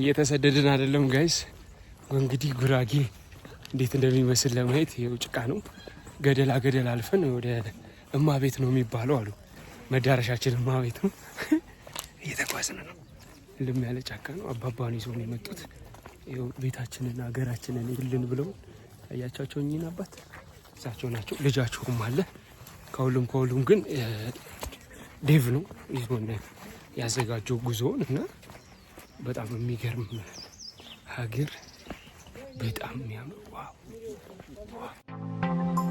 እየተሰደድን አይደለም ጋይስ። እንግዲህ ጉራጌ እንዴት እንደሚመስል ለማየት ይኸው ጭቃ ነው። ገደላ ገደል አልፈን ወደ እማ ቤት ነው የሚባለው አሉ። መዳረሻችን እማ ቤት ነው። እየተጓዝን ነው። ልም ያለ ጫካ ነው። አባባን ይዞ ነው የመጡት። ይኸው ቤታችንን ሀገራችንን ይልን ብለው ያቻቸው እኚህን አባት እሳቸው ናቸው። ልጃችሁም አለ። ከሁሉም ከሁሉም ግን ዴቭ ነው ይዞን ያዘጋጀው ጉዞውን እና በጣም የሚገርም ሀገር፣ በጣም የሚያምር ዋው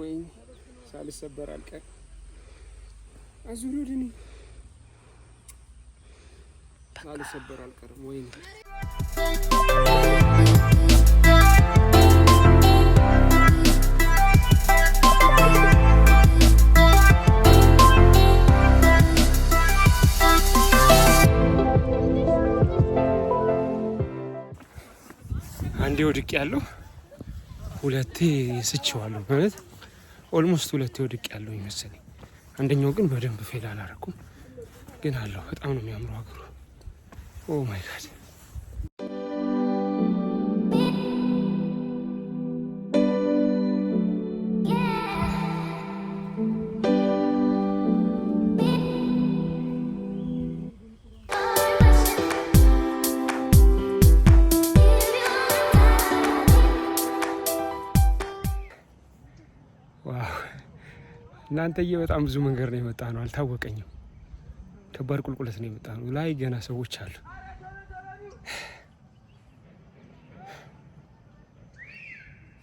ወይ ሳልሰበር አልቀር አዙሪድኒ ሳልሰበር አልቀርም ወይ አንዴ ወድቅ ያለው ሁለቴ ስችዋለሁ ማለት ኦልሞስት ሁለት ወድቅ ያለው ይመስለኝ። አንደኛው ግን በደንብ ፌል አላረኩም፣ ግን አለው። በጣም ነው የሚያምረው ሀገሩ። ኦ ማይ ጋድ እናንተዬ በጣም ብዙ መንገድ ነው የመጣ ነው። አልታወቀኝም። ከባድ ቁልቁለት ነው የመጣ ነው። ላይ ገና ሰዎች አሉ።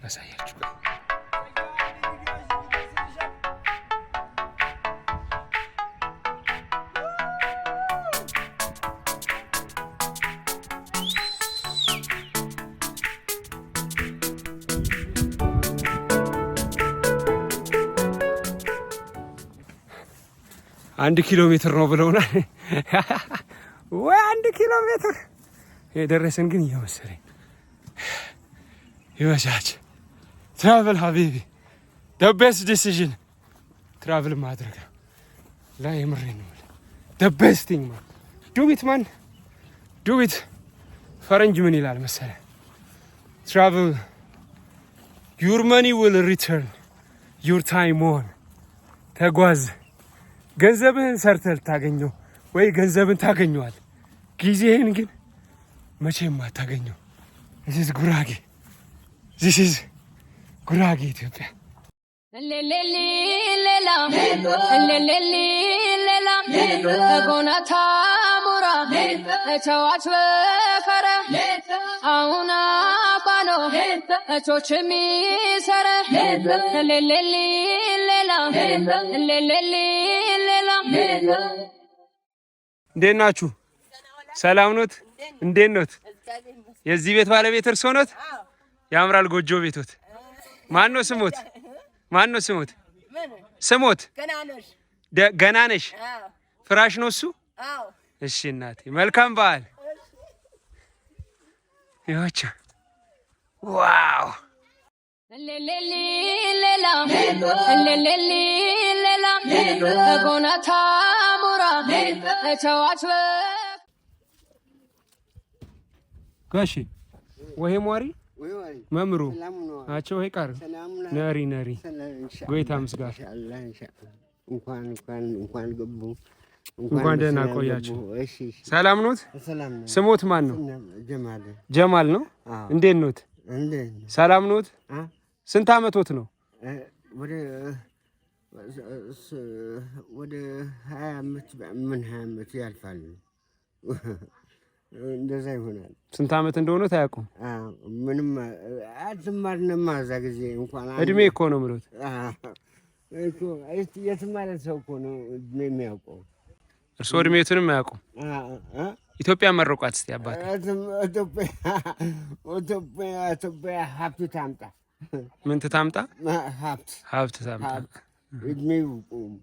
ያሳያችሁ አንድ ኪሎ ሜትር ነው ብለውናል። ወይ አንድ ኪሎ ሜትር የደረሰን ግን እየመሰለኝ ይመቻች። ትራቭል ሀቢቢ ቤስት ዲሲዥን ትራቭል ማድረግ ነው። ላይ የምሬ ነው። ቤስት ቲንግ ማን ዱቢት ማን ዱቢት ፈረንጅ ምን ይላል መሰለ ትራቭል ዩር መኒ ዊል ሪተርን ዩር ታይም ኦን ተጓዝ ገንዘብህን ሰርተህ ልታገኘው ወይ ገንዘብን ታገኘዋል። ጊዜህን ግን መቼም አታገኘው። ዚስ ጉራጌ ዚስ ጉራጌ ኢትዮጵያ ጎናታ እንዴት ናችሁ? ሰላም ኖት? እንዴት ኖት? የዚህ ቤት ባለቤት እርሶ ኖት? ያምራል ጎጆ ቤቶት። ማን ነው ስሞት? ማን ነው ስሞት? ስሞት ገና ነሽ? ፍራሽ ነው እሱ? እሺ እናቴ፣ መልካም በዓል። ይወቻ ዋው ጎናታ ሞራ ተጫዋች ጋሺ ወይ ሟሪ መምሩ ናቸው ወይ ቃር ነሪ ነሪ ጎይታ ምስጋር እንኳን ገቡ እንኳን ደህና ቆያችሁ። ሰላም ኖት? ስሞት ማን ነው? ጀማል ነው። እንዴት ኖት? ሰላም ኖት? ስንት አመቶት ነው? ወደ ሀያ አመት ምን ሀያ አመት ያልፋል እንደዛ ይሆናል። ስንት አመት እንደሆነ ታያውቁም። ምንም አትማርንማ እዛ ጊዜ እንኳን እድሜ እኮ ነው ምሎት የተማረ ሰው እኮ ነው እድሜ የሚያውቀው። እርስዎ እድሜቱንም አያውቁም። ኢትዮጵያ መረቋት። እስኪ ኢትዮጵያ ሀብት ታምጣ፣ ሀብት ታምጣ እድሜው ቁም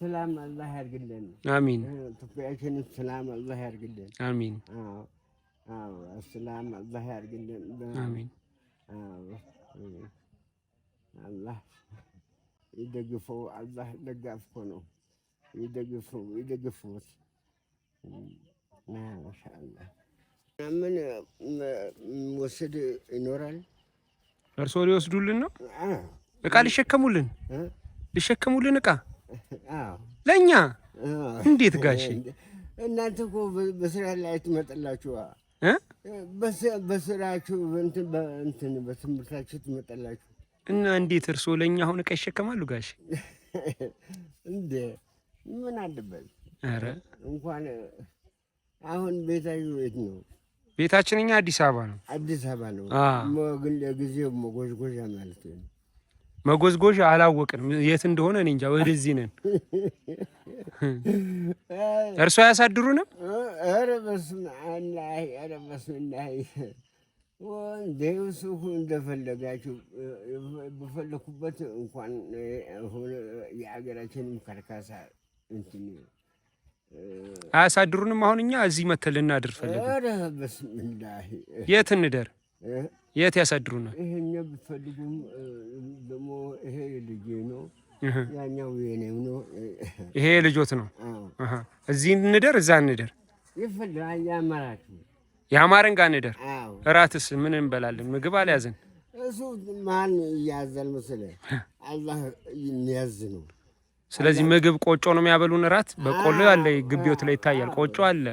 ሰላም አላህ ያድርግልን። አሚን። ኢትዮጵያችን ሰላም አላህ ያድርግልን። አሚን። ሰላም አላህ ያድርግልን። አሚን። አላህ ይደግፈው። አላህ ደጋፍ እኮ ነው። ይደግፈው፣ ይደግፉት። ማሻአላህ ምን ወስድ ይኖራል። እርሶ ሊወስዱልን ነው? እቃ ሊሸከሙልን ሊሸከሙልን እቃ ለእኛ እንዴት ጋሽ እናንተ እኮ በስራ ላይ ትመጣላችሁ፣ በስራችሁ እንትን በትምህርታችሁ ትመጣላችሁ። እና እንዴት እርስዎ ለእኛ አሁን እቃ ይሸከማሉ ጋሽ? እንደ ምን አለበት። ኧረ እንኳን አሁን ቤታችሁ የት ነው? ቤታችን እኛ አዲስ አበባ ነው። አዲስ አበባ ነው ግን ለጊዜው መጎዝጎዣ ማለት ነው መጎዝጎዣ አላወቅንም፣ የት እንደሆነ እኔ እንጃ። ወደዚህ ነን። እርሶ አያሳድሩንም። ኧረ በስመ ኧረ በስመ ወንዴውስ እንደፈለጋችሁ በፈለኩበት እንኳን ከርካሳ እንትን አያሳድሩንም። አሁን እኛ እዚህ መተን ልናድር ኧረ በስመ የት እንደር የት ያሳድሩ ነው? ይሄኛ ብትፈልጉም ደግሞ ይሄ ልጄ ነው፣ ያኛው የኔም ነው። ይሄ ልጆት ነው። እዚህ እንደር እዛ እንደር ይፈልጋል። ያማራችሁ ያማረን ጋር እንደር። እራትስ ምን እንበላለን? ምግብ አልያዝን። እሱ ማን እያዘል መስለ አላህ የሚያዝ ነው። ስለዚህ ምግብ ቆጮ ነው የሚያበሉን። እራት በቆሎ አለ፣ ግቢዎት ላይ ይታያል። ቆጮ አለ፣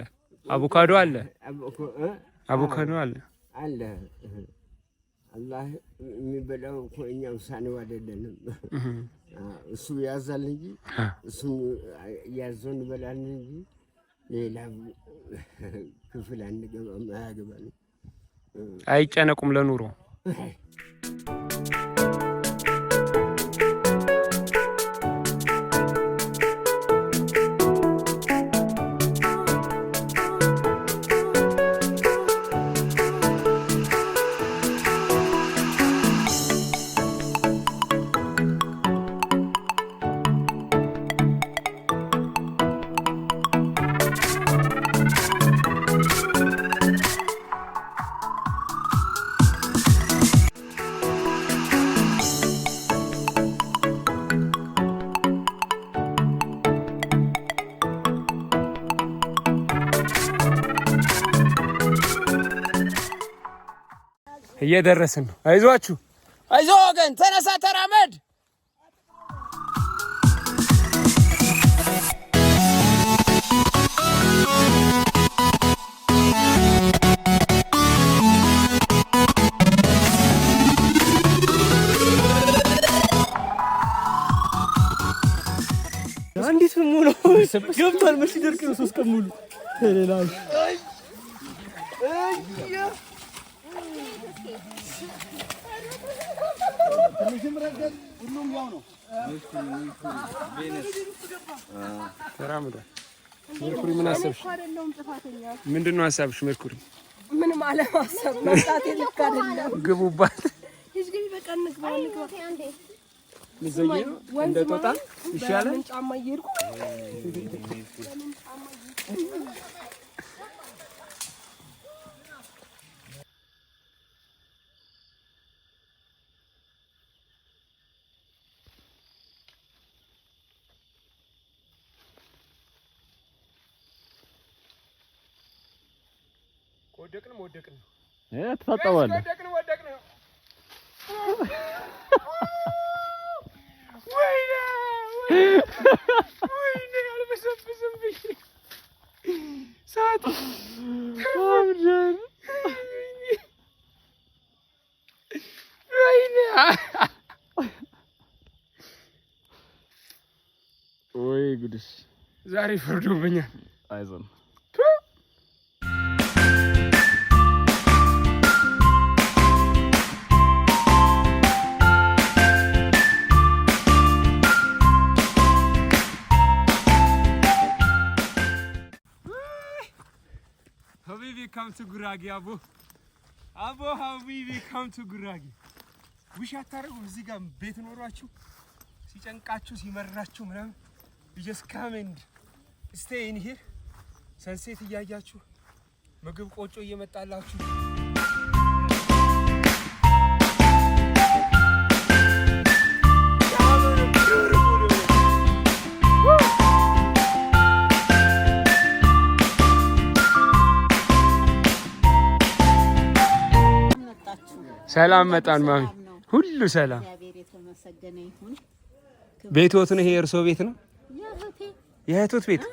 አቮካዶ አለ፣ አቮካዶ አለ አለ አላህ የሚበላው እኮ እኛ ውሳኔው አይደለንም። እሱ ያዛል እንጂ እሱ ያዘው እንበላለን እንጂ ሌላ ክፍል አንገባም። አያገባንም። አይጨነቁም ለኑሮ እየደረስን ነው። አይዟችሁ፣ አይዞ ወገን፣ ተነሳ፣ ተራመድ። እንዴት ሙሉ ገብቷል። መቼ ነው ሶስት ቀን ሙሉ ትንሽም ረገድ ሁሉም ያው ነው። ተራምዷል። ሜርኩሪ ምን አሰብሽ? ምንድን ነው ሀሳብሽ? ሜርኩሪ ምንም አለማሰብ መጣቴ ልክ አይደለም። ግቡባት እንደ ጦጣ ይሻላል። ወደቅን ወደቅን ዛሬ ፈርዶብኛል አይዞን we come to Guragi, Abu? Abu, how we come to ጉራጌ ውሽ አታደርጉም። እዚህ ጋር ቤት ኖሯችሁ ሲጨንቃችሁ ሲመራችሁ ምናምን you just come and stay in here ሰንሴት እያያችሁ ምግብ ቆጮ እየመጣላችሁ ሰላም መጣን ማሚ፣ ሁሉ ሰላም። ቤትዎት ነው? ይሄ እርሶ ቤት ነው? የእህቶት ቤት?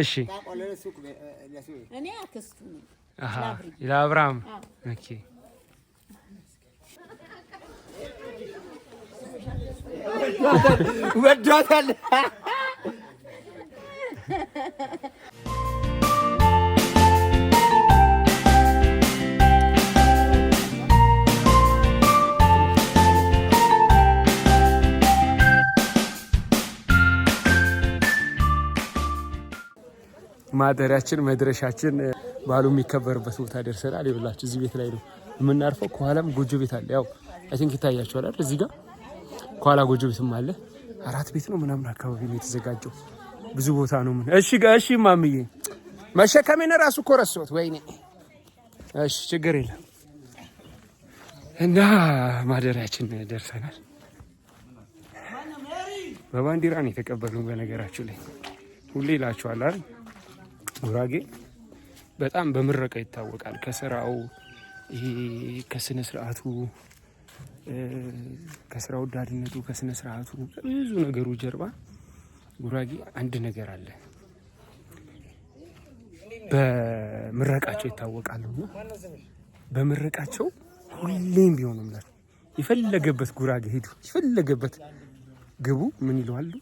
እሺ። ለአብርሃም ወዷታል። ማደሪያችን መድረሻችን ባሉ የሚከበርበት ቦታ ደርሰናል። ይኸውላችሁ እዚህ ቤት ላይ ነው የምናርፈው። ከኋላም ጎጆ ቤት አለ። ያው አይ ቲንክ ይታያችኋል አይደል? እዚህ ጋር ከኋላ ጎጆ ቤትም አለ። አራት ቤት ነው ምናምን አካባቢ ነው የተዘጋጀው። ብዙ ቦታ ነው ምን። እሺ እሺ፣ ማምዬ መሸከሜን ራሱ እኮ ረሳሁት። ወይኔ። እሺ፣ ችግር የለም እና ማደሪያችን ደርሰናል። በባንዲራ ነው የተቀበሉን። በነገራችሁ ላይ ሁሌ ይላችኋል አይደል ጉራጌ በጣም በምረቃ ይታወቃል። ከስራው ይሄ ከስነ ስርዓቱ ከስራ ወዳድነቱ ከስነ ስርዓቱ ብዙ ነገሩ ጀርባ ጉራጌ አንድ ነገር አለ። በምረቃቸው ይታወቃሉና በምረቃቸው ሁሌም ቢሆንም ናቸው። የፈለገበት ጉራጌ ሄዱ፣ የፈለገበት ግቡ፣ ምን ይለዋሉ?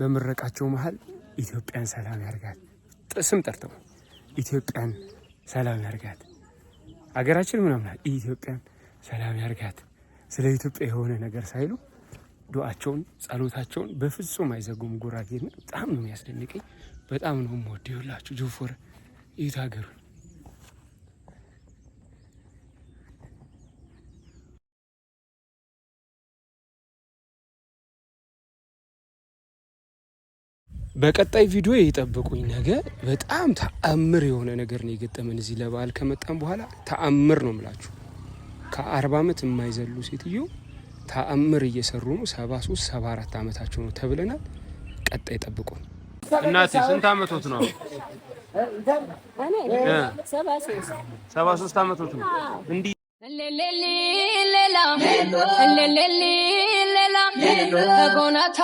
በምረቃቸው መሀል ኢትዮጵያን ሰላም ያደርጋል ስም ጠርተው ኢትዮጵያን ሰላም ያርጋት፣ አገራችን ምናምና ኢትዮጵያን ሰላም ያርጋት፣ ስለ ኢትዮጵያ የሆነ ነገር ሳይሉ ዱዓቸውን ጸሎታቸውን በፍጹም አይዘጉም። ጉራጌና በጣም ነው የሚያስደንቀኝ። በጣም ነው የምወደው። ይኸውላችሁ ጆፎረ ይት ሀገሩን በቀጣይ ቪዲዮ የጠብቁኝ። ነገ በጣም ተአምር የሆነ ነገር ነው የገጠመን። እዚህ ለበዓል ከመጣም በኋላ ተአምር ነው ምላችሁ። ከአርባ ዓመት የማይዘሉ ሴትዮ ተአምር እየሰሩ ነው። ሰባ ሶስት ሰባ አራት ዓመታቸው ነው ተብለናል። ቀጣይ ጠብቁን። እናቴ ስንት ዓመቶት ነው? ሰባ ሶስት ዓመቶት ነው እንዲህ ሌላ ሌላ ጎናታ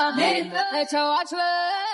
Let your America, America,